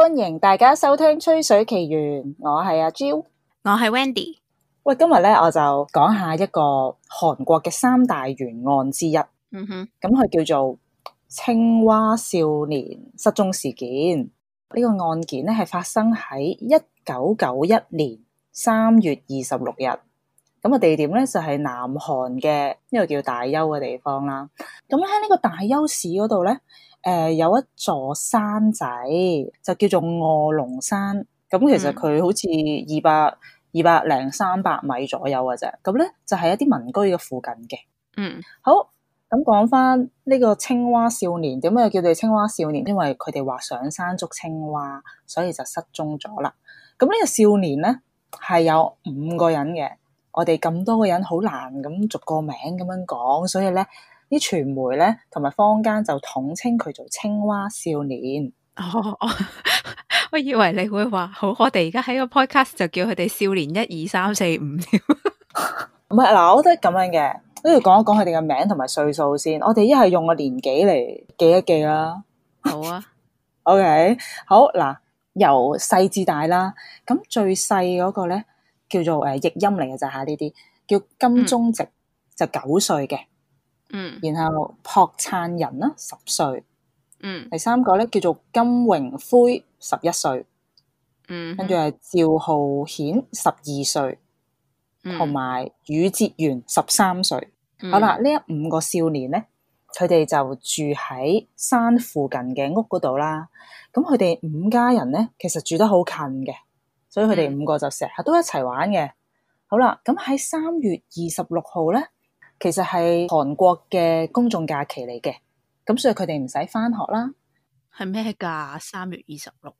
歡迎大家收聽《吹水奇緣》，我係阿 Jill，我係 Wendy。喂，今日咧我就講下一個韓國嘅三大懸案之一。嗯哼，咁佢叫做青蛙少年失蹤事件。呢個案件咧係發生喺一九九一年三月二十六日。咁個地點咧就係南韓嘅呢個叫大邱嘅地方啦。咁喺呢個大邱市嗰度咧。誒、呃，有一座山仔就叫做臥龍山，咁其實佢好似二百二百零三百米左右嘅啫，咁咧就係一啲民居嘅附近嘅。嗯，好，咁講返呢個青蛙少年，點解叫佢青蛙少年？因為佢哋話上山捉青蛙，所以就失蹤咗啦。咁呢個少年咧係有五個人嘅，我哋咁多個人好難咁逐個名咁樣講，所以咧。啲傳媒咧，同埋坊間就統稱佢做青蛙少年。哦，我以為你會話好，我哋而家喺個 podcast 就叫佢哋少年一二三四五添。唔係嗱，我都係咁樣嘅。跟住講一講佢哋嘅名同埋歲數先。我哋一係用個年紀嚟記一記啦。好啊，OK，好嗱，由細至大啦。咁最細嗰個咧叫做誒，譯音嚟嘅咋吓，呢啲叫金鐘植，就九歲嘅。嗯，然後朴燦仁啦，十歲。嗯，第三個咧叫做金榮輝，十一歲。嗯，歲。嗯，跟住係趙浩顯，十二歲，同埋宇哲元十三歲。好啦，呢一五個少年咧，佢哋就住喺山附近嘅屋嗰度啦。咁佢哋五家人咧，其實住得好近嘅，所以佢哋五個就成日都一齊玩嘅，嗯。好啦，咁喺三月二十六號咧。其實係韓國嘅公眾假期嚟嘅，咁所以佢哋唔使翻學啦。係咩噶？三月二十六？誒、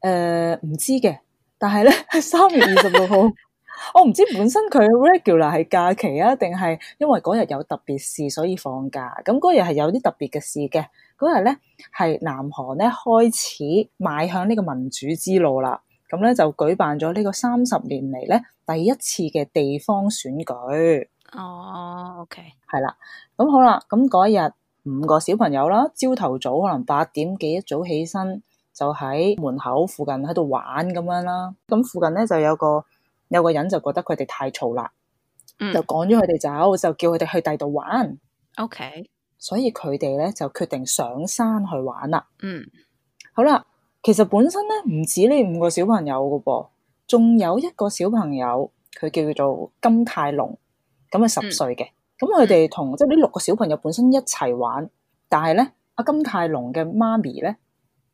呃，唔知嘅，但係咧，三月二十六號， 我唔知本身佢 regular 係假期啊，定係因為嗰日有特別事所以放假。咁嗰日係有啲特別嘅事嘅。嗰日咧係南韓咧開始邁向呢個民主之路啦。咁咧就舉辦咗呢個三十年嚟咧第一次嘅地方選舉。哦、oh，OK，係啦，咁好啦，咁嗰一日五個小朋友啦，朝頭早，早可能八點幾一早起身，就喺門口附近喺度玩咁樣啦。咁附近咧就有個有個人就覺得佢哋太嘈啦，mm. 就趕咗佢哋走，就叫佢哋去第度玩。OK，所以佢哋咧就決定上山去玩啦。嗯、mm.，好啦，其實本身咧唔止呢五個小朋友噶噃，仲有一個小朋友佢叫做金泰龍。咁啊十歲嘅，咁佢哋同即係呢六個小朋友本身一齊玩，但係咧阿金泰龍嘅媽咪咧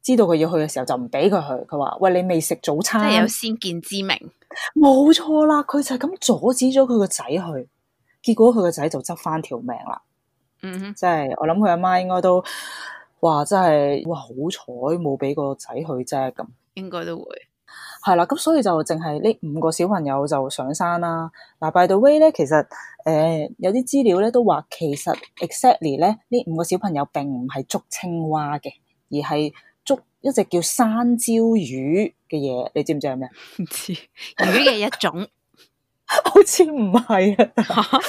知道佢要去嘅時候就唔俾佢去，佢話喂，你未食早餐，即係有先見之明，冇錯啦，佢就係咁阻止咗佢個仔去，結果佢個仔就執翻條命啦。嗯哼，即係我諗佢阿媽應該都，哇真係哇好彩冇俾個仔去啫咁，應該都會。係啦，咁所以就淨係呢五個小朋友就上山啦。嗱，by the way 咧，其實誒、呃、有啲資料咧都話，其實 exactly 咧呢這五個小朋友並唔係捉青蛙嘅，而係捉一隻叫山椒魚嘅嘢。你知唔知係咩？唔知魚嘅一種， 好似唔係啊？啊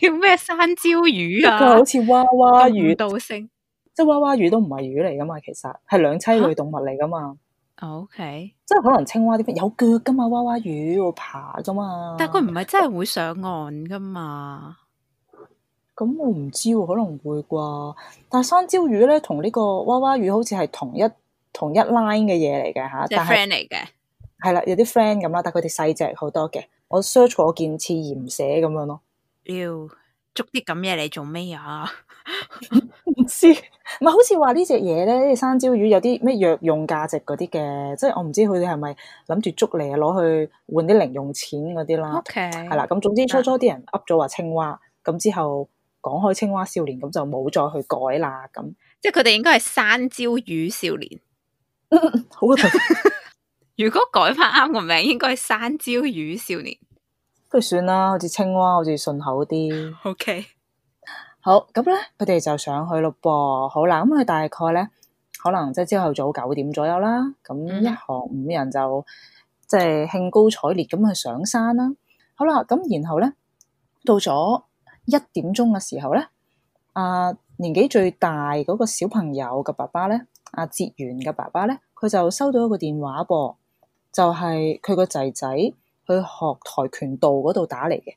叫咩山椒魚啊？佢好似娃娃魚，不道聲，即係娃娃魚都唔係魚嚟噶嘛？其實係兩棲類動物嚟噶嘛？啊 O K，即係可能青蛙啲有腳噶嘛，娃娃魚會爬噶嘛。但係佢唔係真係會上岸噶嘛？咁我唔知，可能會啩。但係山椒魚咧，同呢個娃娃魚好似係同一同一 line 嘅嘢嚟嘅吓，係 friend 嚟嘅。係啦，有啲 friend 咁啦，但係佢哋細隻好多嘅。我 search 過我件似鹽蛇咁樣咯。要捉啲咁嘢嚟做咩呀？唔、 嗯、知，唔 係好似話呢隻嘢咧，山椒魚有啲咩藥用價值嗰啲嘅，即係我唔知佢哋係咪諗住捉嚟攞去換啲零用錢嗰啲啦，OK，係啦。咁、okay. 總之初初啲人噏咗話青蛙，咁、嗯、之後講開青蛙少年，咁就冇再去改啦。咁即係佢哋應該係山椒魚少年。好 如果改翻啱個名，應該係山椒魚少年。不 如算啦，好似青蛙好似順口啲。OK。好咁咧，佢哋就上去咯噃。好啦，咁佢大概咧，可能即係朝頭早九點左右啦。咁一行五人就即係興高采烈咁去上山啦。好啦，咁然後咧，到咗一點鐘嘅時候咧，啊，年紀最大嗰個小朋友嘅爸爸咧，阿、啊、哲源嘅爸爸咧，佢就收到一個電話噃，就係佢個仔仔去學跆拳道嗰度打嚟嘅。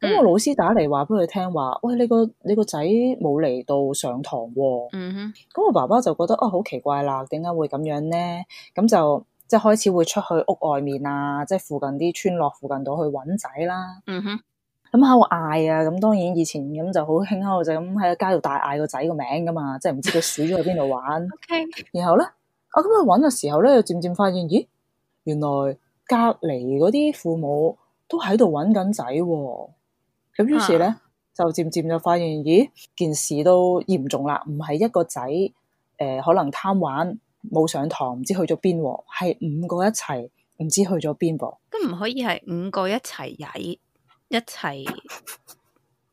咁我老師打嚟話，俾佢聽話，喂，你個你個仔冇嚟到上堂，哦。嗯哼，咁我爸爸就覺得啊，好、哦、奇怪啦，點解會咁樣咧？咁就即係開始會出去屋外面啊，即係附近啲村落附近度去搵仔啦。嗯、mm-hmm. 哼，咁喺度嗌啊，咁當然以前咁就好興，喺就咁喺個街度大嗌個仔個名噶嘛，即係唔知佢鼠咗去邊度玩。Okay. 然後咧，我咁去搵嘅時候咧，漸漸發現，咦，原來隔籬嗰啲父母都喺度搵緊仔。咁於是咧，就漸漸就發現，咦，件事都嚴重啦！唔係一個仔，誒、呃、可能貪玩冇上堂，唔知去咗邊喎。係五個一齊，唔知去咗邊噃。咁唔可以係五個一齊曳一齊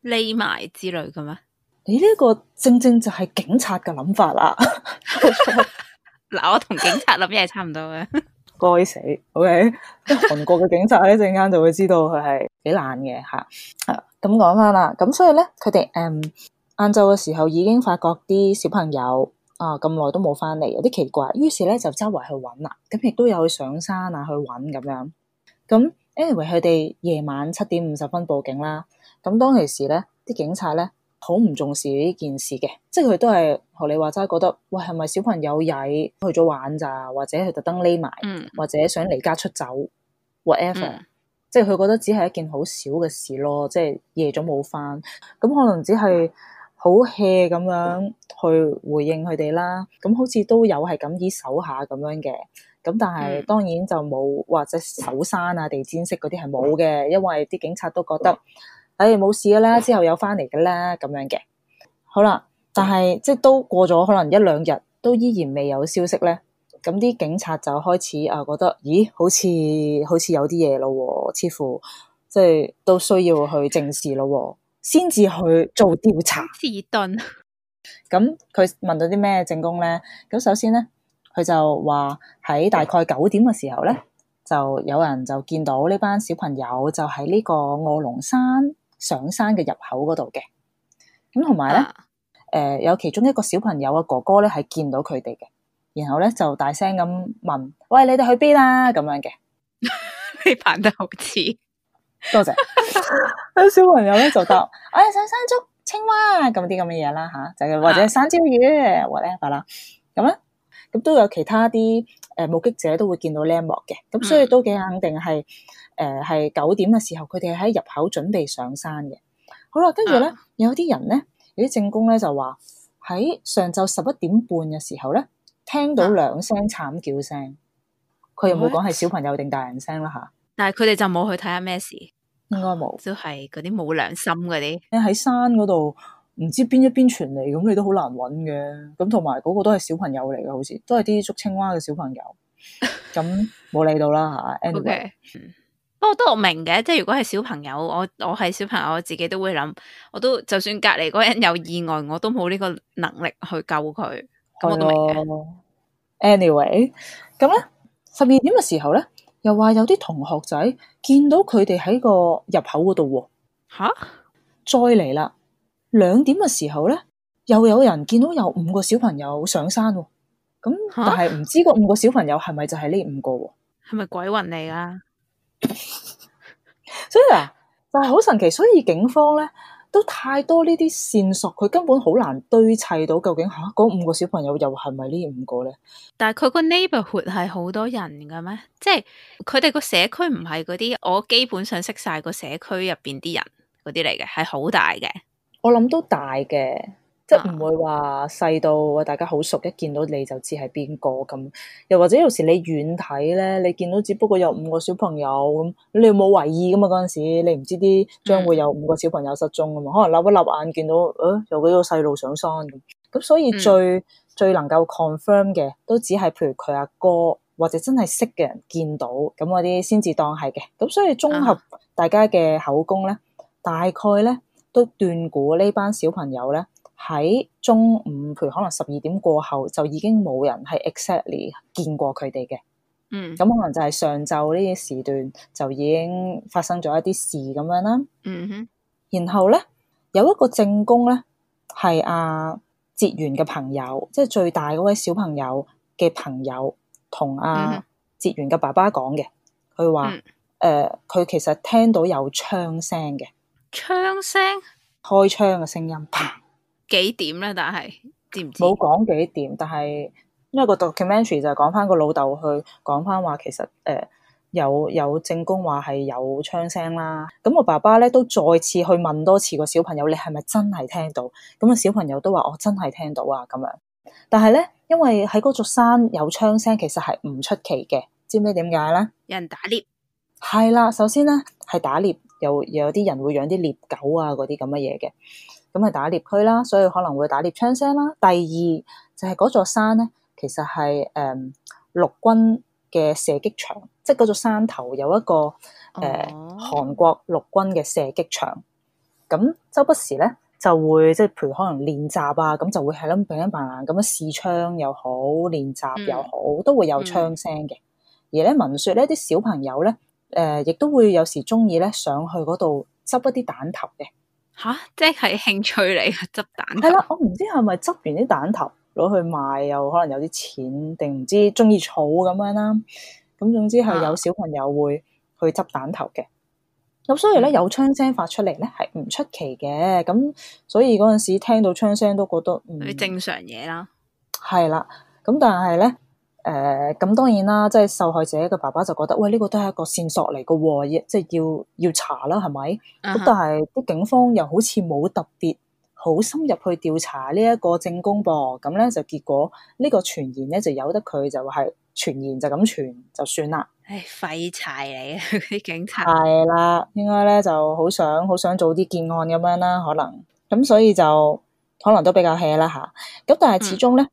匿埋之類嘅咩？你呢個正正就係警察嘅諗法啦。嗱， 我同警察諗嘢差唔多嘅。 該死，OK？韓國嘅警察一陣間就會知道佢係幾爛嘅嚇。啊。咁講翻啦，咁所以咧，佢哋誒晏晝嘅時候已經發覺啲小朋友啊咁耐都冇翻嚟，有啲奇怪，於是咧就周圍去揾啦，咁亦都有去上山啊去揾咁樣。咁 anyway，佢哋夜晚七點五十分報警啦。咁當其時咧，啲警察咧好唔重視呢件事嘅，即係佢都係學你話齋，覺得喂，係咪小朋友曳去咗玩咋，或者佢特登匿埋，或者想離家出走，whatever。嗯即係佢覺得只係一件好小嘅事咯，即係夜咗冇翻，咁可能只係好 hea 咁樣去回應佢哋啦。咁好似都有係咁依手下咁樣嘅，咁但係當然就冇或者搜山啊、地氈式嗰啲係冇嘅，因為啲警察都覺得，唉、哎、冇事嘅啦，之後有翻嚟嘅啦咁樣嘅。好啦，但係即係都過咗可能一兩日，都依然未有消息咧。咁啲警察就開始啊，覺得咦，好似好似有啲嘢咯，似乎即係都需要去正視咯，先至去做調查。遲頓。咁佢問到啲咩證供咧？咁首先咧，佢就話喺大概九點嘅時候咧，就有人就見到呢班小朋友就喺呢個卧龍山上山嘅入口嗰度嘅。咁同埋咧，誒、啊呃、有其中一個小朋友嘅哥哥咧，係見到佢哋嘅。然後咧，就大聲咁問，喂，你哋去邊啦？咁樣嘅。 你扮得好似多謝。啲 小朋友咧就答，我 哋、哎、上山捉、青蛙咁啲咁嘅嘢啦，吓就、啊啊、或者山椒魚 whatever 啦。咁咧，咁都有其他啲誒、呃、目擊者都會見到呢一幕嘅。咁、嗯、所以都幾肯定係誒係九點嘅時候，佢哋喺入口準備上山嘅。好啦，跟住咧，有啲人咧，有啲證供咧就話喺上晝十一點半嘅時候咧。聽到兩聲慘叫聲，佢又冇講係小朋友定大人聲啦？嚇！但係佢哋就冇去睇下咩事，應該冇。都係嗰啲冇良心嗰啲。你喺山嗰度，唔知邊一邊傳嚟，咁你都好難揾嘅。咁同埋嗰個都係小朋友嚟嘅，好似都係啲捉青蛙嘅小朋友。咁冇理到啦嚇。不 過、anyway okay. 嗯、都好明嘅，即係如果係小朋友，我我係小朋友，我自己都會諗，我都就算隔離嗰人有意外，我都冇呢個能力去救佢。咁 anyway，咁咧十二點嘅時候咧，又話有啲同學仔見到佢哋喺個入口嗰度喎。吓，再嚟啦，兩點嘅時候咧，又有人見到有五個小朋友上山，咁但係唔知個五個小朋友係咪就係呢五個？係咪鬼魂嚟啊？ 所以嗱，就係好神奇，所以警方咧。都太多呢啲線索，佢根本好難堆砌到究竟嚇嗰、啊、五個小朋友又係咪呢五個咧？但係佢個 neighborhood 係好多人嘅咩？即係佢哋個社區唔係嗰啲我基本上識晒個社區入邊啲人嗰啲嚟嘅，係好大嘅。我諗都大嘅。即係唔會話細到大家好熟，一見到你就知係邊個咁。又或者有時你遠睇咧，你見到只不過有五個小朋友咁，你冇懷疑噶嘛？嗰陣時你唔知啲將會有五個小朋友失蹤噶嘛？可能立一立眼見到，誒、哎，有幾個細路上山咁。咁所以最、嗯、最能夠 confirm 嘅，都只係譬如佢阿哥或者真係識嘅人見到咁嗰啲，先至當係嘅。咁所以綜合大家嘅口供咧，大概咧都斷估呢班小朋友咧，喺中午，譬如可能十二點過後就已經冇人係 exactly 見過佢哋嘅。嗯，咁可能就係上晝呢啲時段就已經發生咗一啲事咁樣啦。嗯哼。然後咧有一個證供咧係阿哲源嘅朋友，即係最大嗰位小朋友嘅朋友，同阿哲源嘅爸爸講嘅，佢話：誒，嗯，佢，呃，其實聽到有槍聲嘅，槍聲，開槍嘅聲音，砰！幾點咧？但係知唔知？冇講幾點，但係因為個 documentary 就講翻個老豆去講翻話，其實誒有有證供話係有槍聲啦。咁我爸爸咧、呃、都再次去問多次個小朋友，你係咪真係聽到？咁、個小朋友都話我真係聽到啊。咁樣，但係咧，因為喺嗰座山有槍聲，其實係唔出奇嘅。知唔知點解咧？有人打獵係啦。首先咧係打獵，又有啲人會養啲獵狗啊，嗰啲咁嘅嘢嘅。咁係打獵區啦，所以可能會打獵槍聲啦。第二就係、是、嗰座山咧，其實係誒、呃、陸軍嘅射擊場，即係嗰座山頭有一個誒、呃哦哦、韓國陸軍嘅射擊場。咁周不時咧就會即係譬如可能練習啊，咁就會係咁閉一扮咁樣試槍又好，練習又好、嗯，都會有槍聲嘅、嗯。而咧聞説呢啲小朋友咧亦、呃、都會有時中意咧上去嗰度執一啲彈頭嘅。吓，即係興趣嚟啊！執彈頭係啦，我唔知係咪執完啲彈頭攞去賣，又可能有啲錢，定唔知中意儲咁樣啦。咁總之係有小朋友會去執彈頭嘅。咁、啊、所以咧有槍聲發出嚟咧係唔出奇嘅。咁所以嗰陣時聽到槍聲都覺得唔係、嗯、正常嘢啦。係啦，咁但係咧。誒、呃、咁當然啦，即係受害者嘅爸爸就覺得，喂呢、這個都係一個線索嚟嘅喎，即係要要，要查啦，係咪？咁、uh-huh. 但係啲警方又好似冇特別好深入去調查呢一個證供噃，咁咧就結果呢個傳言咧就由得佢就係傳言就咁傳就算啦。唉、哎，廢柴嚟嘅啲警察。係啦，應該咧就好想好想做啲結案咁樣啦，可能咁所以就可能都比較 hea 啦吓，咁、啊、但係始終咧。Uh-huh.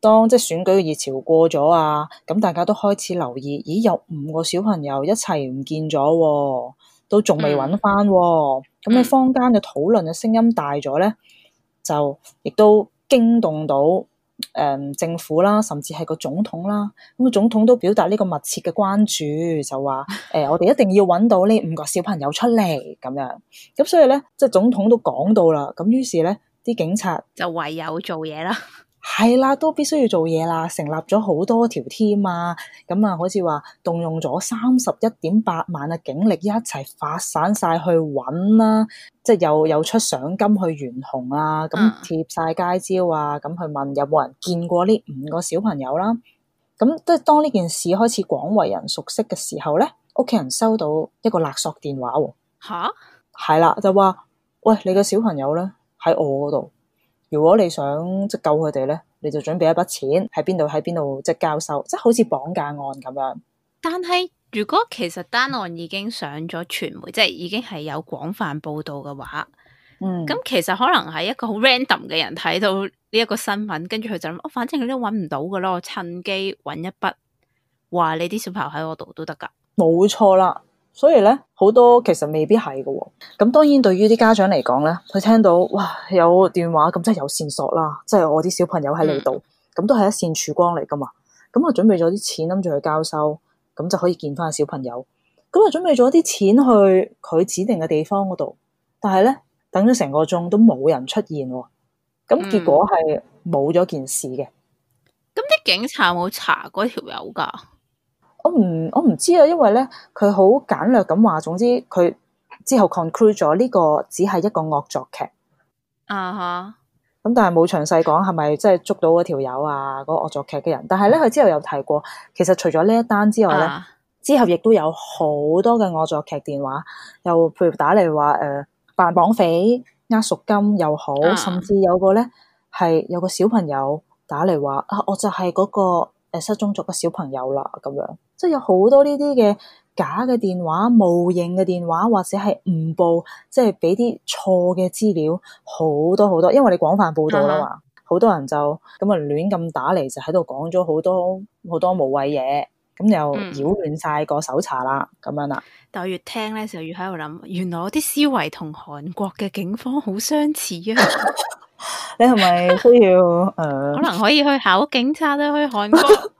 當即係選舉嘅熱潮過咗啊，咁大家都開始留意，咦？有五個小朋友一齊唔見咗喎，都仲未揾翻喎。咁喺坊間嘅討論嘅聲音大咗咧，就亦都驚動到誒、嗯、政府啦，甚至係個總統啦。咁啊，總統都表達呢個密切嘅關注，就話誒、欸，我哋一定要揾到呢五個小朋友出嚟咁樣。咁所以咧，即係總統都講到啦。咁於是咧，啲警察就唯有做嘢啦。係啦，都必須要做嘢啦，成立咗好多條 team 啊，咁啊，好似話動用咗三十一點八萬嘅警力一齊發散晒去揾啦，啊，即、就、係、是、又又出賞金去懸紅啊，咁貼晒街招啊，咁、嗯、去問有冇人見過呢五個小朋友啦，啊，咁即係當呢件事開始廣為人熟悉嘅時候呢，屋企人收到一個勒索電話喎，啊，吓，係啦，就話喂，你個小朋友呢？喺我嗰度。如果你想即救佢哋咧，你就準備一筆錢喺邊度喺邊度即交收，即好似綁架案咁樣。但係如果其實單案已經上咗傳媒，即係已經係有廣泛報道嘅話，咁、嗯、其實可能係一個好 random 嘅人睇到呢一個新聞，跟住佢就諗哦，反正佢都揾唔到噶啦，我趁機揾一筆，話你啲小朋友喺我度都得噶，冇錯啦。所以咧，好多其實未必係噶、哦。咁當然對於啲家長嚟講咧，佢聽到哇有電話，咁即係有線索啦，即係我啲小朋友喺你度，咁、嗯、都係一線曙光嚟噶嘛。咁就準備咗啲錢諗住去交收，咁就可以見翻小朋友。咁啊準備咗啲錢去佢指定嘅地方嗰度，但係咧等咗成個鐘都冇人出現，咁結果係冇咗件事嘅。咁、嗯、啲警察，有冇查嗰條友噶？我唔我唔知啊，因為咧佢好簡略咁話，總之佢之後 conclude 咗呢個只係一個惡作劇啊嚇。咁、uh-huh. 但係冇詳細講係咪真係捉到嗰條友啊，嗰、嗰個惡作劇嘅人。但係咧佢之後又提過，其實除咗呢一單之外咧，uh-huh. 之後亦都有好多嘅惡作劇電話，又譬如打嚟話誒扮綁匪、押贖金又好，uh-huh. 甚至有個咧係有個小朋友打嚟話啊，我就係嗰個失蹤族嘅小朋友啦，咁樣。即係有好多呢啲嘅假嘅電話、冒認嘅電話，或者係誤報，即係俾啲錯嘅資料，好多好多。因為你廣泛報道啦嘛，好、uh-huh. 多人就咁啊亂咁打嚟，就喺度講咗好多好多無謂嘢，咁又擾亂晒個搜查啦，咁、嗯、樣啦。但係越聽咧，就越喺度諗，原來我啲思維同韓國嘅警方好相似啊！ 你係咪需要誒？ uh. 可能可以去考警察呢去韓國。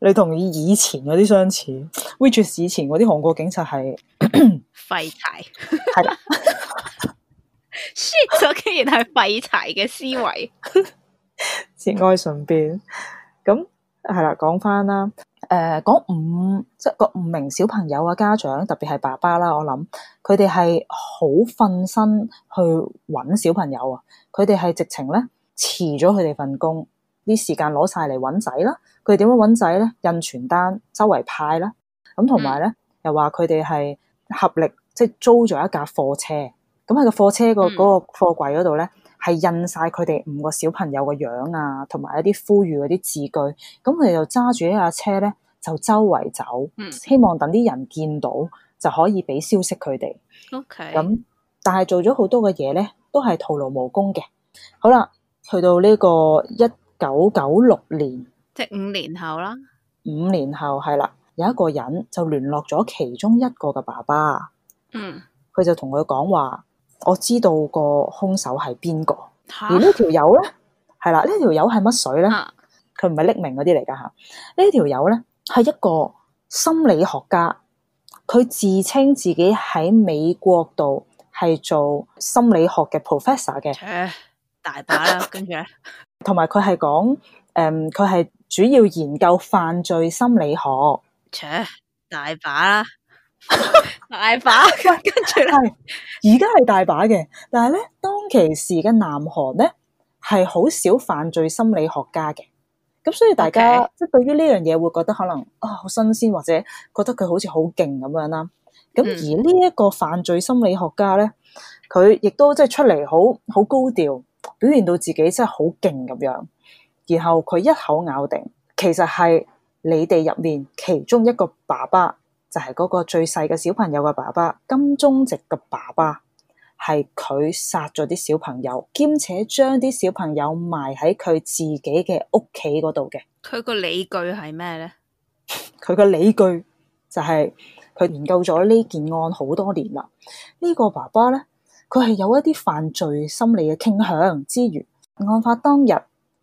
你同以前嗰啲相似 w e c h 以前嗰啲韓國警察係廢 廢柴，係 shit 是的 竟然係廢柴嘅思維。節哀順變，咁係啦，講翻啦，誒，講、呃、五即係個五名小朋友啊，家長特別係爸爸啦，我諗佢哋係好瞓身去揾小朋友啊，佢哋係直情咧辭咗佢哋份工。啲時間攞晒嚟揾仔啦，佢哋點樣揾仔咧？印傳單，周圍派啦。咁同埋咧，又話佢哋係合力，即係租咗一架貨車。咁喺個貨車個嗰個貨櫃嗰度咧，係、嗯、印晒佢哋五個小朋友嘅樣啊，同埋一啲呼籲嗰啲字句。咁佢哋就揸住一架車咧，就周圍走，嗯、希望等啲人見到就可以俾消息佢哋。OK。咁但係做咗好多嘅嘢咧，都係徒勞無功嘅。好啦，去到呢個一九九六年，即五年後啦。五年後係啦，有一個人就聯絡咗其中一個嘅爸爸。嗯，佢就同佢講話，我知道個凶手係邊個。而個人呢條友咧，係啦，這個、人是人呢條友係乜水咧？佢唔係匿名嗰啲嚟噶吓。這個、呢條友咧係一個心理學家，佢自稱自己喺美國度係做心理學嘅 professor 嘅。切，大把啦，跟住咧。 同埋佢係講，誒、嗯,佢係主要研究犯罪心理學，扯，大把啦， 大把。跟住係，而家係大把嘅。但係咧，當其時嘅南韓咧，係好少犯罪心理學家嘅。咁所以大家即、okay. 係對於呢樣嘢會覺得可能啊好、哦、新鮮，或者覺得佢好似好勁咁樣啦。咁而呢一個犯罪心理學家咧，佢、嗯、亦都即係出嚟好好高調。表現到自己真係好勁咁樣，然後佢一口咬定，其實係你哋入面其中一個爸爸，就係、是、嗰個最細嘅小朋友嘅爸爸金宗植嘅爸爸，係佢殺咗啲小朋友，兼且將啲小朋友埋喺佢自己嘅屋企嗰度嘅。佢個理據係咩呢？佢個理據就係佢研究咗呢件案好多年啦，呢、這個爸爸呢？佢係有一啲犯罪心理嘅傾向之餘，案發當日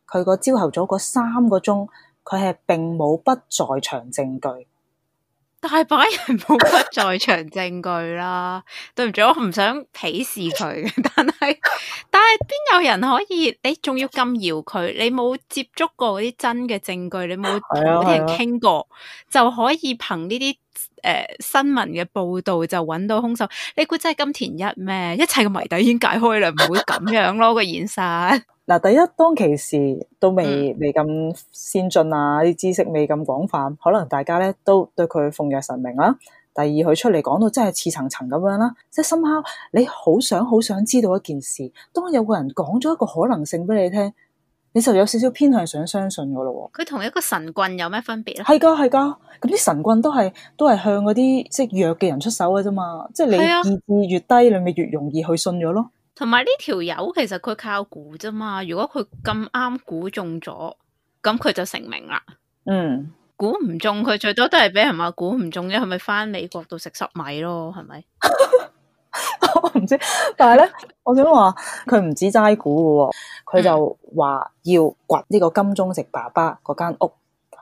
佢個朝頭早嗰三個鐘，佢係並冇不在場證據。大把人冇不在場證據啦， 對唔住，我唔想鄙視佢嘅，但係但係邊有人可以？你仲要咁搖佢？你冇接觸過嗰啲真嘅證據，你冇同啲人傾過， 就可以憑呢啲？誒、呃，新聞嘅報道就揾到凶手，你估真係金田一咩？一切嘅謎底已經解開啦，唔 會咁樣咯個現晒嗱。 第一，當其時都未未咁先進啊，啲知識未咁廣泛，可能大家咧都對佢奉若神明啦，啊。第二，佢出嚟講到真係似層層咁樣啦，啊，即係深刻。你好想好想知道一件事，當有個人講咗一個可能性俾你聽，你就有少少偏向想相信我咯，佢同一個神棍有咩分別咧？係噶係噶，咁啲神棍都係都係向嗰啲即弱嘅人出手嘅啫嘛，即係你意志越低，你咪越容易去信咗咯。同埋呢條友其實佢靠估啫嘛，如果佢咁啱估中咗，咁佢就成名啦。嗯，估唔中佢最多都係俾人話估唔中啫，係咪翻美國度食粟米咯？係咪？ 我唔知，但係咧， 我想話佢唔止齋估嘅，佢就話要掘呢個金鐘植爸爸嗰間屋。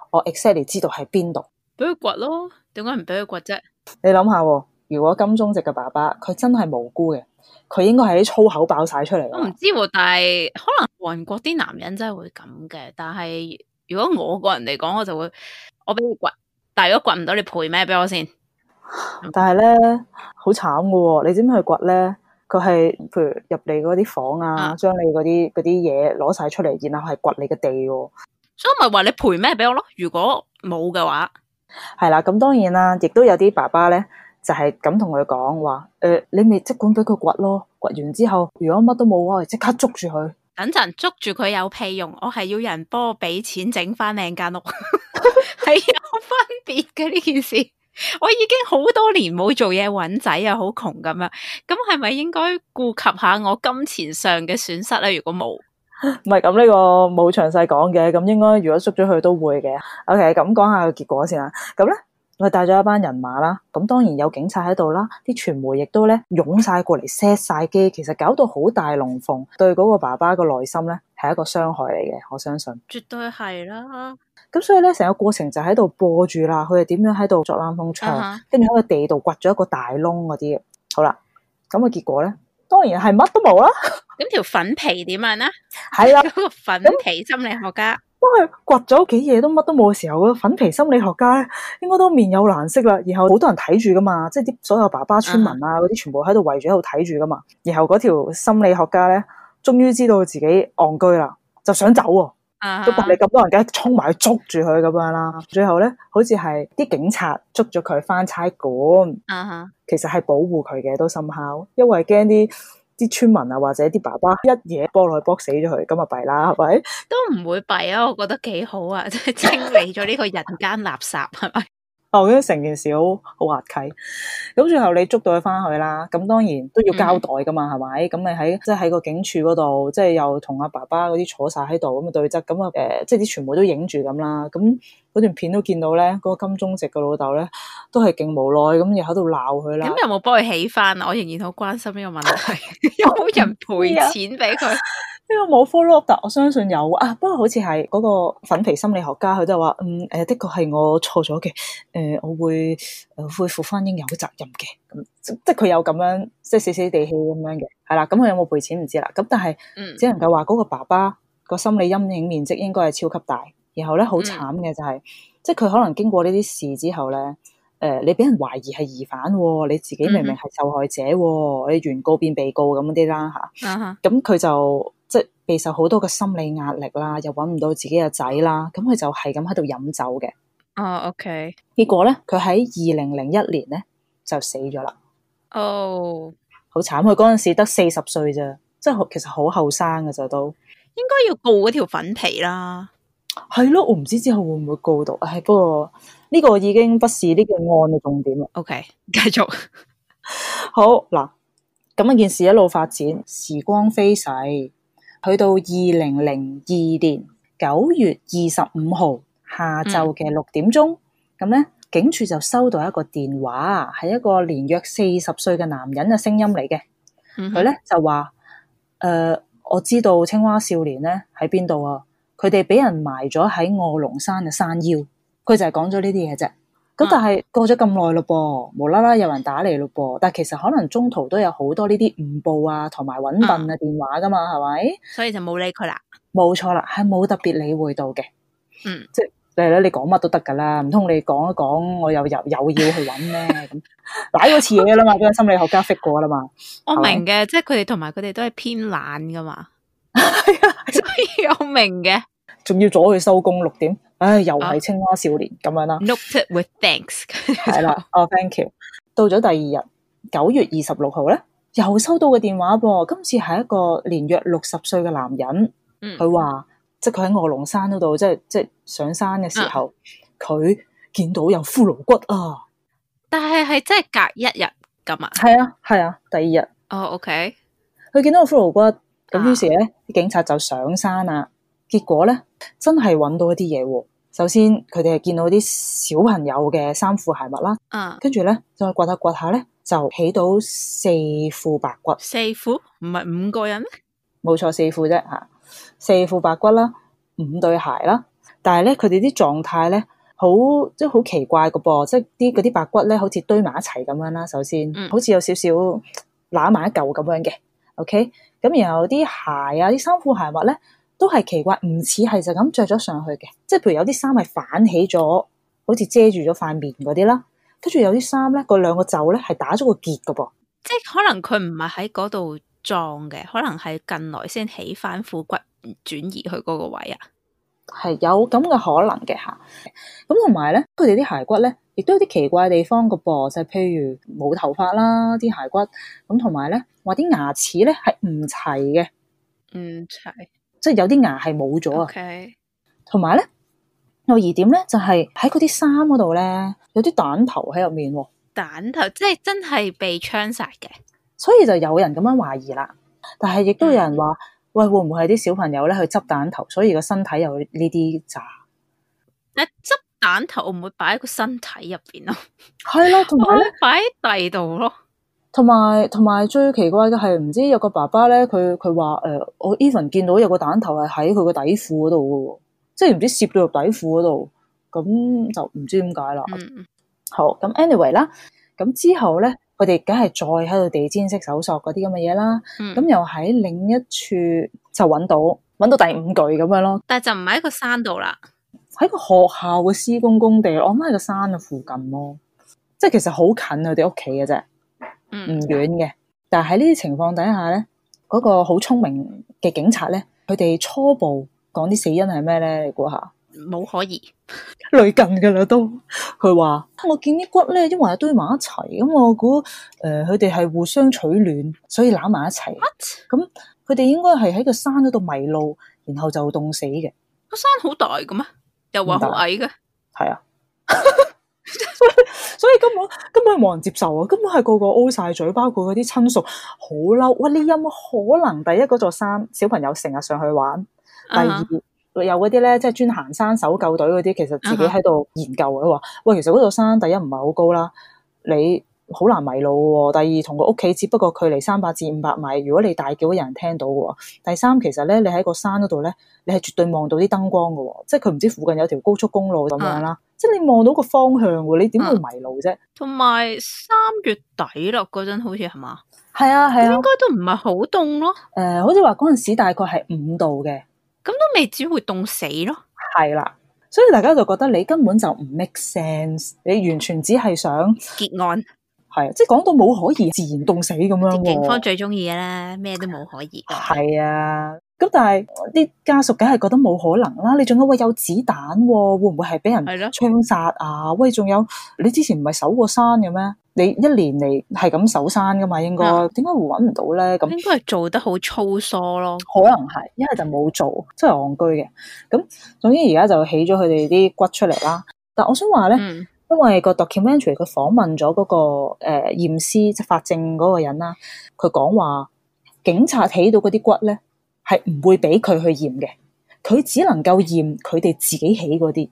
我 exactly 知道喺邊度，俾佢掘咯。點解唔俾佢掘啫？你諗下，如果金鐘植嘅爸爸佢真係無辜嘅，佢應該係啲粗口爆晒出嚟。我唔知，但係可能韓國啲男人真係會咁嘅。但係如果我個人嚟講，我就會我俾佢掘。但係如果掘唔到，你賠咩俾我先？但係咧，好慘噶，你知唔知佢掘咧？佢係，譬如入你嗰啲房啊，將、啊、你嗰啲啲嘢攞晒出嚟，然後係掘你嘅地，所以我咪話你賠咩俾我咯？如果冇嘅話，係啦，咁當然啦，亦都有啲爸爸咧，就係咁同佢講話，誒、呃，你咪即管俾佢掘咯，掘完之後，如果乜都冇啊，即刻捉住佢。等陣捉住佢有屁用？我係要人幫我俾錢整翻靚間屋，係 有分別嘅呢件事。我已經好多年冇做嘢搵仔啊，好窮咁樣，咁係咪應該顧及下我金錢上嘅損失咧？如果冇，唔係咁呢個冇詳細講嘅，咁應該如果縮咗去都會嘅。OK，咁講下個結果先啦。咁咧，我帶咗一班人馬啦，咁當然有警察喺度啦，啲傳媒亦都咧湧晒過嚟 set 晒機，其實搞到好大龍鳳，對嗰個爸爸嘅內心咧係一個傷害嚟嘅，我相信絕對係啦。咁所以咧，成個過程就喺度播住啦，佢係點樣喺度作冷風窗跟住喺個地度掘咗一個大窿嗰啲。好啦，咁、那、嘅、個、結果咧，當然係乜都冇啦。咁條粉皮點樣啦，係 啦，那個、粉皮心理學家，當佢掘咗幾嘢都乜都冇嘅時候，那個、粉皮心理學家咧，應該都面有難色啦。然後好多人睇住噶嘛，即係啲所有爸爸村民啊嗰啲，uh-huh. 全部喺度圍住喺度睇住噶嘛。然後嗰條心理學家咧，終於知道自己戇居啦，就想走、啊。都白你咁多人，梗係衝埋去捉住佢咁樣啦。最後咧，好似係啲警察捉咗佢翻差館。啊、uh-huh. 其實係保護佢嘅，都深刻，因為驚啲啲村民啊，或者啲爸爸一嘢波落去，搏死咗佢，咁啊弊啦，係咪？都唔會弊啊，我覺得幾好啊，即係清理咗呢個人間垃圾，係咪？哦，覺得成件事好滑稽，咁最後你捉到佢翻去啦，咁當然都要交代噶嘛，係、嗯、咪？咁你喺即係喺個警署嗰度，即、就、係、是、又同阿爸爸嗰啲坐晒喺度咁啊對質，咁啊誒，即係啲全部都影住咁啦，咁嗰段片都見到咧，嗰、那個金鍾直嘅老豆咧都係勁無奈咁，又喺度鬧佢啦。咁有冇幫佢起翻啊？我仍然好關心呢個問題， 有冇人賠錢俾佢？ 呢個冇 follow up，我相信有啊。不過好似係嗰個粉皮心理學家，佢都係話：嗯，誒，的確係我錯咗嘅。誒、呃，我會誒恢復翻應有嘅責任嘅。咁、嗯、即即係佢有咁樣，即係死死地氣咁樣嘅。係啦，咁、嗯、佢、嗯、有冇賠錢唔知啦。咁但係、嗯，只能夠話嗰個爸爸個心理陰影面積應該係超級大。然後咧，好慘嘅就係、是，即係佢可能經過呢啲事之後咧，誒、呃，你俾人懷疑係疑犯，你自己明明係受害者、嗯，你原告變被告咁啲啦吓。咁、啊、佢、啊嗯、就。即係備受好多嘅心理壓力啦，又搵唔到自己嘅仔啦，咁佢就係咁喺度飲酒嘅。啊，OK。結果咧，佢喺二零零一年咧就死咗啦。哦、oh.，好慘，佢嗰陣時得四十歲咋，即係其實好後生嘅就都。應該要告嗰條粉皮啦。係咯，我唔知之後會唔會告到。唉、哎，不過呢個已經不是呢個案嘅重點啦。OK，繼續。好嗱，咁啊件事一路發展，時光飛逝。去到二零零二年九月二十五號下晝嘅六點鐘，咁、嗯、咧警署就收到一個電話啊，係一個年約四十歲嘅男人嘅聲音嚟嘅，佢、嗯、咧就話，誒、呃，我知道青蛙少年咧喺邊度啊，佢哋俾人埋咗喺臥龍山嘅山腰，佢就係講咗呢啲嘢啫。咁但係過咗咁耐咯噃，無啦啦有人打嚟咯噃，但係其實可能中途都有好多呢啲誤報啊，同埋搵笨嘅電話噶嘛，係、嗯、咪？所以就冇理佢啦。冇錯啦，係冇特別理會到嘅。嗯，即係咧，你講乜都得噶啦，唔通你講一講，我又又又要去搵咩？咁 擺次嘢啦嘛，俾 個心理學家識過啦嘛。我明嘅，即係佢哋同埋佢哋都係偏懶噶嘛， 所以我明嘅。仲要阻佢收工，六點。唉、哎，又係青蛙少年咁、oh, 樣啦。Noted with thanks，係 啦。哦、oh,，thank you。到咗第二日，九月二十六號咧，又收到個電話噃。今次係一個年約六十歲嘅男人，佢話即係佢喺臥龍山嗰度，即係即係上山嘅時候，佢、uh, 見到有骷髏骨啊。但係係真係隔一日咁啊？係啊，係啊，第二日。哦、oh,，OK。佢見到個骷髏骨，咁於是咧，uh. 警察就上山啦。結果咧，真係揾到一啲嘢。首先，佢哋係見到啲小朋友嘅衫褲鞋襪啦，啊，跟住咧再掘下掘下咧，就起到四副白骨。四副唔係五個人咩？冇錯，四副啫嚇。四副白骨啦，五對鞋啦。但係咧，佢哋啲狀態咧，好即係好奇怪嘅噃，即係啲嗰啲白骨咧，好似堆埋一齊咁樣啦。首先，嗯，好似有少少攬埋一嚿咁樣嘅。O K，咁然後啲鞋啊，啲衫褲鞋襪咧。都係奇怪，唔似係就咁着咗上去嘅，即係譬如有啲衫係反起咗，好似遮住咗塊面嗰啲啦。跟住有啲衫咧，個兩個袖咧係打咗個結㗎噃，即係可能佢唔係喺嗰度撞嘅，可能係近來先起翻副骨轉移去嗰個位啊。係有咁嘅可能嘅嚇。咁同埋咧，佢哋啲骸骨咧，亦都有啲奇怪嘅地方嘅噃，就係譬如冇頭髮啦，啲骸骨咁同埋咧話啲牙齒咧係唔齊嘅，唔齊。即係有啲牙係冇咗啊，同埋咧，又疑點咧就係喺嗰啲衫嗰度咧，有啲彈頭喺入面，彈頭即係真係被槍殺嘅，所以就有人咁樣懷疑啦。但係亦都有人話，嗯，喂會唔會係啲小朋友咧去執彈頭，所以個身體有呢啲炸？誒，執彈頭唔會擺喺個身體入邊 咯，係啦，同埋咧擺喺第度咯。同埋同埋最奇怪嘅係，唔知有個爸爸咧，佢佢話誒，我 even 見到有個蛋頭係喺佢個底褲嗰度嘅，即係唔知攝到入底褲嗰度，咁就唔知點解啦。好咁，anyway 啦，咁之後咧，佢哋梗係再喺度地氈式搜索嗰啲咁嘅嘢啦。咁、嗯、又喺另一處就揾到，揾到第五具咁樣咯。但係就唔喺個山度啦，喺個學校嘅施工工地，我諗喺個山嘅附近咯，即係其實好近佢哋屋企嘅啫。唔遠嘅，但喺呢啲情況底下咧，嗰個好聰明嘅警察咧，佢哋初步講啲死因係咩咧？你估下？冇可疑，類近噶啦都，佢話我見啲骨咧，因為堆埋一齊咁，我估誒，佢哋係互相取暖，所以攬埋一齊。咁佢哋應該係喺個山嗰度迷路，然後就凍死嘅。個山好大噶咩？又話好矮嘅？係啊。 所 以所以根本根本冇人接受啊，根本係個個 o 晒嘴，包括嗰啲親屬好嬲。喂，你有冇可能？第一嗰座山，小朋友成日上去玩；uh-huh. 第二有嗰啲咧，即係專行山搜救隊嗰啲，其實自己喺度研究啊。話、uh-huh. 喂，其實嗰座山第一唔係好高啦，你。好難迷路喎。第二，同個屋企只不過距離三百至五百米。如果你大叫，有人聽到嘅喎。第三，其實咧，你喺個山嗰度咧，你係絕對望到啲燈光嘅喎。即係佢唔知附近有條高速公路咁樣啦、啊。即係你望到個方向，你點會迷路啫？同埋三月底落嗰陣好似係嘛？係啊係啊，應該都唔係好凍咯。誒、呃，好似話嗰陣時大概係五度嘅，咁都未至於會凍死咯。係啦、啊，所以大家就覺得你根本就唔 make sense，你完全只係想結案。係啊，即係講到冇可疑，自然凍死咁樣。警方最中意嘅咧，咩都冇可疑。係啊，咁但係啲家屬梗係覺得冇可能啦。你仲有喂有子彈，會唔會係俾人槍殺啊？喂，仲有，哦會會啊、有你之前唔係守過山嘅咩？你一年嚟係咁守山噶嘛？應該點解會揾唔到咧？咁應該係做得好粗疏咯，可能係因為就冇做，真係戇居嘅。咁總之而家就起咗佢哋啲骨出嚟啦。但我想話咧。嗯因為個 documentary 佢訪問咗嗰個誒驗屍，即法證嗰個人啦，佢講話警察起到嗰啲骨咧係唔會俾佢去驗嘅，佢只能夠驗佢哋自己起嗰啲。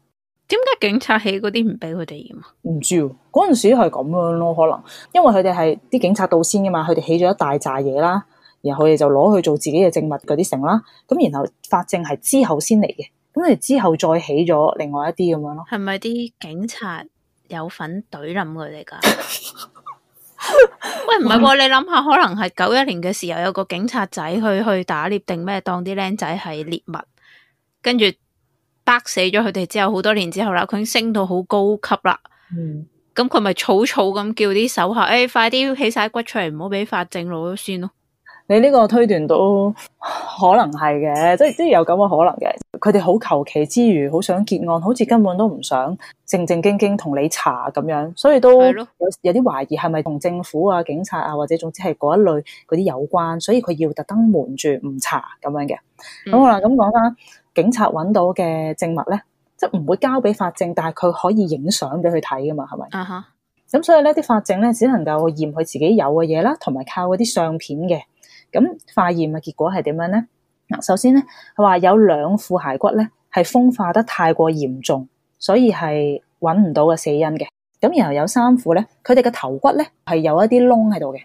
點解警察起嗰啲唔俾佢哋驗啊？唔知嗰陣時係咁樣咯，可能因為佢哋係啲警察到先噶嘛，佢哋起咗一大紮嘢啦，然後佢哋就攞去做自己嘅證物嗰啲成啦，咁然後法證係之後先嚟嘅，咁佢哋之後再起咗另外一啲咁樣咯。係咪啲警察？有份懟冧佢哋噶？ 喂，唔係喎，你諗下，可能係九一年嘅時候，有個警察仔去去打獵定咩，當啲靚仔係獵物，跟住剝死咗佢哋之後，好多年之後啦，佢已經升到好高級啦，嗯，咁佢咪草草咁叫啲手下，誒、哎，快啲起晒骨出嚟，唔好俾法證攞咗先咯。你呢個推斷都可能係嘅，即係都有咁嘅可能嘅。佢哋好求其之餘，好想結案，好似根本都唔想正正經經同你查咁樣，所以都有有啲懷疑係咪同政府啊、警察啊或者總之係嗰一類嗰啲有關，所以佢要特登瞞住唔查咁樣嘅。咁、嗯、啊，咁講返，警察揾到嘅證物咧，即係唔會交俾法證，但係佢可以影相俾佢睇㗎嘛，係咪？啊哈！咁所以咧，啲法證咧只能夠驗佢自己有嘅嘢啦，同埋靠嗰啲相片嘅。咁化驗嘅結果係點樣咧？嗱，首先咧，佢話有兩副骸骨咧係風化得太過嚴重，所以係揾唔到嘅死因嘅。咁然後有三副咧，佢哋嘅頭骨咧係有一啲窿喺度嘅。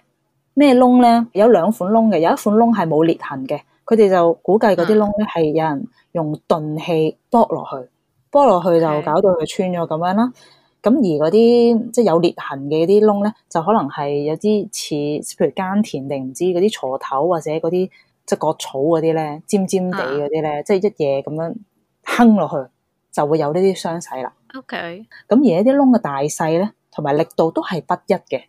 咩窿咧？有兩款窿嘅，有一款窿係冇裂痕嘅。佢哋就估計嗰啲窿咧係有人用鈍器剝落去，剝落去就搞到佢穿咗咁樣啦。咁而嗰啲即係有裂痕嘅啲窿咧，就可能係有啲似譬如耕田定唔知嗰啲鋤頭或者嗰啲即係割草嗰啲咧，尖尖地嗰啲咧，即、啊、係、就是、一嘢咁樣坑落去，就會有呢啲傷勢啦。OK。咁而一啲窿嘅大細咧，同埋力度都係不一嘅，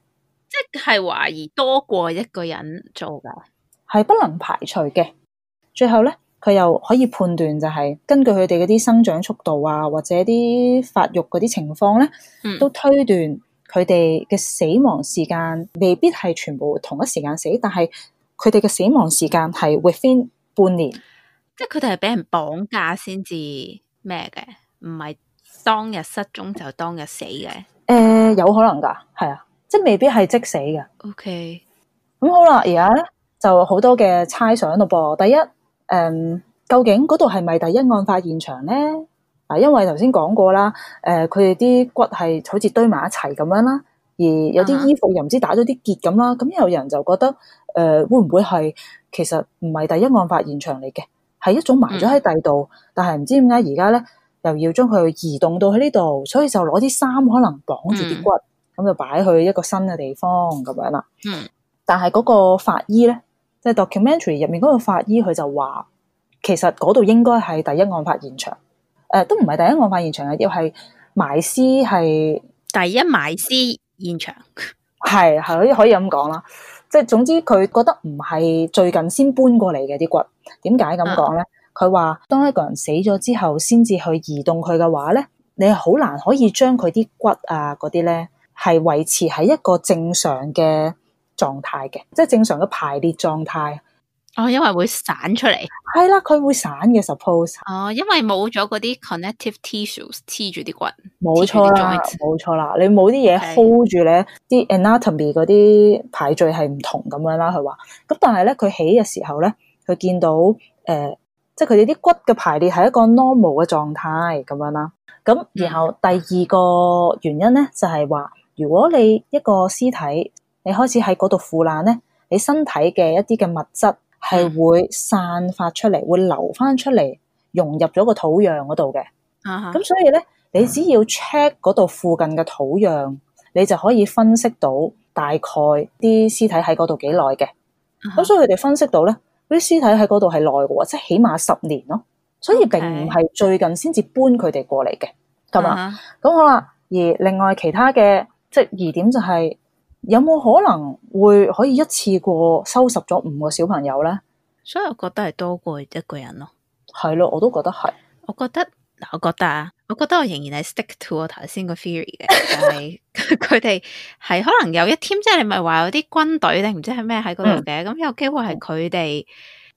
即係懷疑多過一個人做㗎，係不能排除嘅。最後咧。佢又可以判斷，就係根據佢哋嗰啲生長速度啊，或者啲發育嗰啲情況咧、嗯，都推斷佢哋嘅死亡時間未必係全部同一時間死，但係佢哋嘅死亡時間係 within 半年，即係佢哋係俾人綁架先至咩嘅，唔係當日失蹤就當日死嘅。誒、呃、有可能㗎，係啊，即係未必係即死嘅。OK，咁好啦，而家咧就好多嘅猜想咯噃，第一。誒、嗯，究竟嗰度係咪第一案發現場咧？啊，因為頭先講過啦，誒、呃，佢哋啲骨係好似堆埋一齊咁樣啦，而有啲衣服又唔知打咗啲結咁啦，咁、uh-huh. 有人就覺得誒、呃，會唔會係其實唔係第一案發現場嚟嘅？係一種埋咗喺第度，mm-hmm. 但係唔知點解而家咧又要將佢移動到喺呢度，所以就攞啲衫可能綁住啲骨，咁、mm-hmm. 就擺去一個新嘅地方咁樣啦。嗯、mm-hmm.，但係嗰個法醫咧？即係 documentary 入面嗰個法醫，佢就話，其實嗰度應該係第一案發現場，誒、呃，都唔係第一案發現場嘅，要係埋屍係第一埋屍現場，係係可以可以咁講啦。即係總之，佢覺得唔係最近先搬過嚟嘅啲骨。點解咁講咧？佢、啊、話當一個人死咗之後，先至去移動佢嘅話咧，你係好難可以將佢啲骨啊嗰啲咧，係維持喺一個正常嘅。狀態嘅，即係正常嘅排列狀態哦。因為會散出嚟係啦，佢會散嘅。Suppose 哦，因為冇咗嗰啲 connective tissues 黐住啲骨，冇錯冇錯啦。你冇啲嘢 hold 住咧，啲 anatomy 嗰啲排序係唔同咁樣啦。佢話咁，但係咧，佢起嘅時候咧，佢見到誒，即係佢哋啲骨嘅排列係一個 normal 嘅狀態咁樣啦。咁然後第二個原因咧，就係話如果你一個屍體。你開始喺嗰度腐爛咧，你身體嘅一啲嘅物質係會散發出嚟、嗯，會流翻出嚟，融入咗個土壤嗰度嘅。咁、啊、所以咧，你只要 check 嗰度附近嘅土壤，你就可以分析到大概啲屍體喺嗰度幾耐嘅。咁、啊、所以佢哋分析到咧，啲屍體喺嗰度係耐喎，即係起碼十年咯。所以並唔係最近先至搬佢哋過嚟嘅。咁啊，咁好啦。而另外其他嘅即疑點就係、是。有冇可能會可以一次過收拾咗五個小朋友咧？所以我覺得係多過一個人咯。係咯，我都覺得係。我覺得嗱，我覺得啊，我覺得我仍然係 stick to 我頭先個 theory 嘅，但係佢哋係可能有一 team 即係你咪話有啲軍隊定唔知係咩喺嗰度嘅，咁有機會係佢哋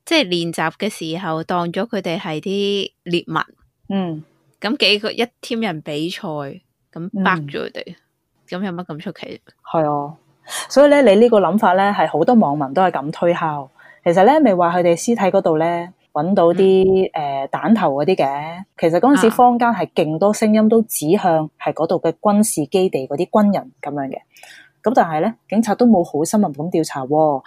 即係練習嘅時候當咗佢哋係啲獵物。嗯。咁、就是嗯、幾個一 team 人比賽，咁掹咗佢哋。嗯咁有乜咁出奇？係哦、啊，所以咧，你呢個諗法咧，係好多網民都係咁推敲。其實咧，咪話佢哋屍體嗰度咧，揾到啲誒彈頭嗰啲嘅。其實嗰陣時坊間係勁多聲音都指向係嗰度嘅軍事基地嗰啲軍人咁樣嘅。咁但係咧，警察都冇好深入咁調查。咁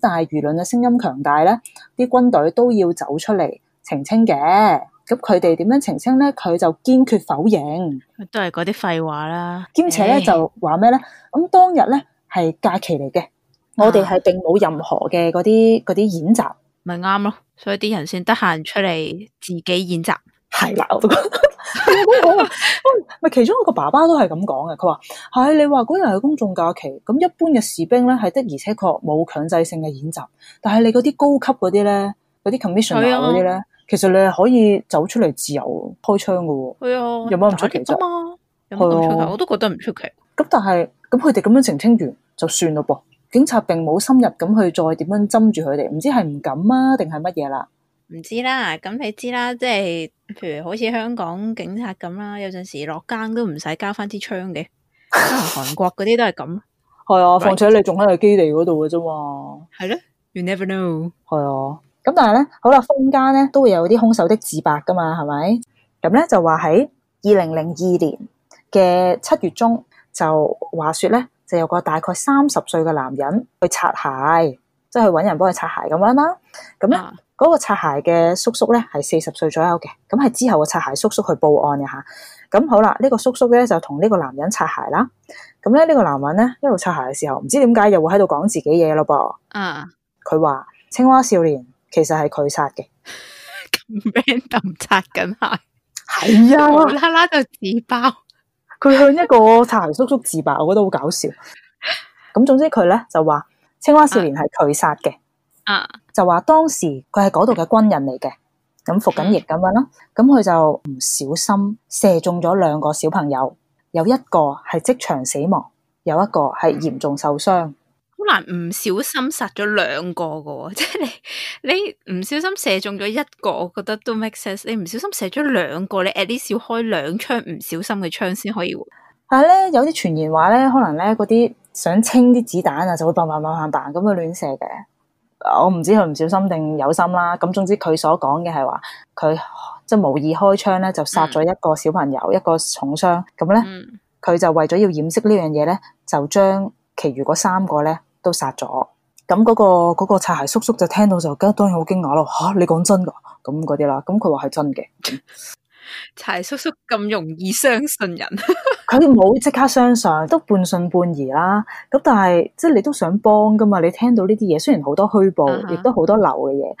但係輿論嘅聲音強大咧，啲軍隊都要走出嚟澄清嘅。咁佢哋點樣澄清咧？佢就堅決否認，都係嗰啲廢話啦。兼且咧、哎、就話咩咧？咁當日咧係假期嚟嘅、啊，我哋係並冇任何嘅嗰啲嗰啲演習，咪啱咯。所以啲人先得閒出嚟自己演習。係啦，我好講啊。 其中一個爸爸都係咁講嘅，佢話係你話嗰日係公眾假期，咁一般嘅士兵咧係的而且確冇強制性嘅演習，但係你嗰啲高級嗰啲咧，嗰啲 commissioner 嗰啲咧。其實你係可以走出嚟自由開槍嘅，係啊，又冇唔出奇嘛，係啊，我都覺得唔出奇。咁但係咁佢哋咁樣澄清完就算咯噃，警察並冇深入咁去再點樣針住佢哋，唔知係唔敢啊定係乜嘢啦？唔知啦，咁你知啦，即係譬如好似香港警察咁啦，有陣時落更都唔使交翻支槍嘅，韓 國嗰啲都係咁。係啊，況且你仲喺個基地嗰度嘅啫嘛。係、right. 咯，you never know。係啊。咁但係咧，好啦，坊間咧都會有啲兇手的自白噶嘛，係咪？咁咧就話喺二零零二年嘅七月中就話說咧，就有個大概三十歲嘅男人去擦鞋，即係去搵人幫佢擦鞋咁樣啦。咁咧嗰個擦鞋嘅叔叔咧係四十歲左右嘅，咁係之後個擦鞋叔叔去報案嘅吓。咁好啦，呢個叔叔咧就同呢個男人擦鞋啦。咁咧呢個男人咧一路擦鞋嘅時候，唔知點解又會喺度講自己嘢咯噃。嗯、啊，佢話青蛙少年，其實係佢殺嘅咁俾人撳拆緊係，係 啊，無啦啦就自爆，佢向一個茶餘叔叔自爆， 我覺得好搞笑。咁總之佢咧就話，青蛙少年係佢殺嘅。啊，就話當時佢係嗰度嘅軍人嚟嘅，咁服緊役咁樣咯。咁、嗯、佢就唔小心射中咗兩個小朋友，有一個係即場死亡，有一個係嚴重受傷。嗯好難唔小心殺咗兩個嘅，即係你你唔小心射中咗一個，我覺得都 make sense。你唔小心射咗兩個，你 at least 開兩槍唔小心嘅槍先可以。但係咧，有啲傳言話咧，可能咧嗰啲想清啲子彈啊，就會彈慢慢彈彈咁去亂射嘅。我唔知佢唔小心定有心啦。咁總之佢所講嘅係話，佢即係無意開槍咧，就殺咗一個小朋友、嗯、一個重傷咁咧。佢、嗯、就為咗要掩飾呢樣嘢咧，就將其餘嗰三個咧。都殺咗，咁嗰、嗰個嗰擦、嗰個、鞋叔叔就聽到就，梗當然好驚訝咯嚇、啊！你講真噶咁嗰啲啦，咁佢話係真嘅。擦叔叔咁容易相信人，佢冇即刻相信，都半信半疑啦。咁但係即係你都想幫噶嘛？你聽到呢啲嘢，雖然好多虛報，亦都好多流嘅嘢。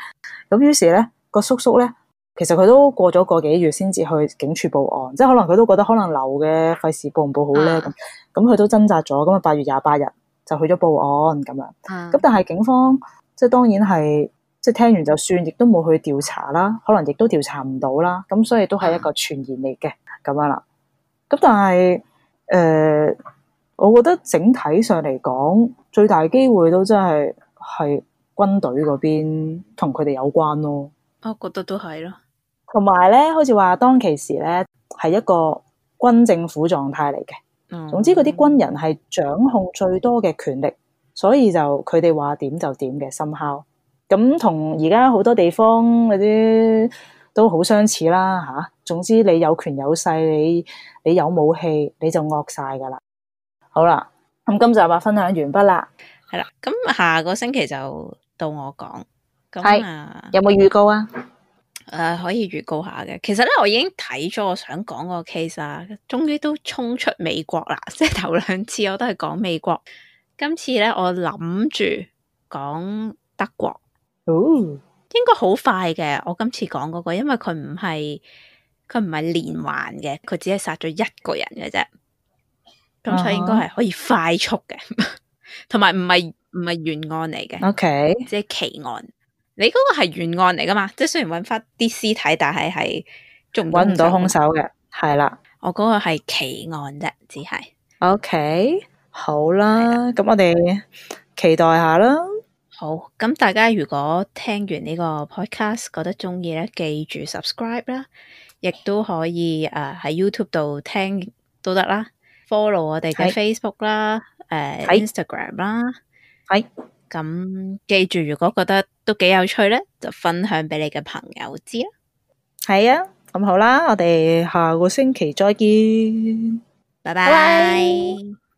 咁於是咧，嗰個叔叔咧，其實佢都過咗個幾月先至去警署報案，即係可能佢都覺得可能流嘅，費事報唔報好咧咁。咁、uh-huh. 佢都掙扎咗，咁啊八月廿八日。就去咗報案咁樣，咁但係警方即係當然係即係聽完就算，亦都冇去調查啦，可能亦都調查唔到啦，咁所以都係一個傳言嚟嘅咁樣啦。咁但係誒、呃，我覺得整體上嚟講，最大機會都真係係軍隊嗰邊同佢哋有關咯。我覺得都係咯，同埋咧，好似話當其時咧係一個軍政府狀態嚟嘅。嗯嗯、總之嗰啲軍人係掌控最多嘅權力，所以就佢哋話點就點嘅深敲，咁同而家好多地方嗰啲都好相似啦吓、啊。總之你有權有勢，你你有武器，你就惡晒噶啦。好啦，咁今集話、啊、分享完畢啦，係啦，咁下個星期就到我講，係、啊、有冇預告啊？誒、呃，可以預告下嘅，其實咧，我已經睇咗我想講個 case 啊，終於都衝出美國啦！即係頭兩次我都係講美國，今次咧我諗住講德國，Ooh. 應該好快嘅。我今次講嗰個，因為佢唔係佢唔係連環嘅，佢只係殺咗一個人嘅啫，咁所以應該係可以快速嘅，同埋唔係唔係懸案嚟嘅，OK，即係奇案。你嗰個係原案嚟噶嘛？即係雖然揾翻啲屍體，但係係仲搵唔到凶手嘅，係啦。我嗰個係奇案啫，只係。OK，好啦，咁我哋期待下啦。好，咁大家如果聽完呢個 podcast 覺得中意咧，記住 subscribe 啦，亦都可以誒喺 YouTube 度聽都得啦。Follow 我哋嘅 Facebook 啦，誒、uh, Instagram 啦，係。咁記住，如果覺得，都幾有趣咧，就分享俾你嘅朋友知啦。係啊，咁好啦，我哋下個星期再見，拜拜。Bye bye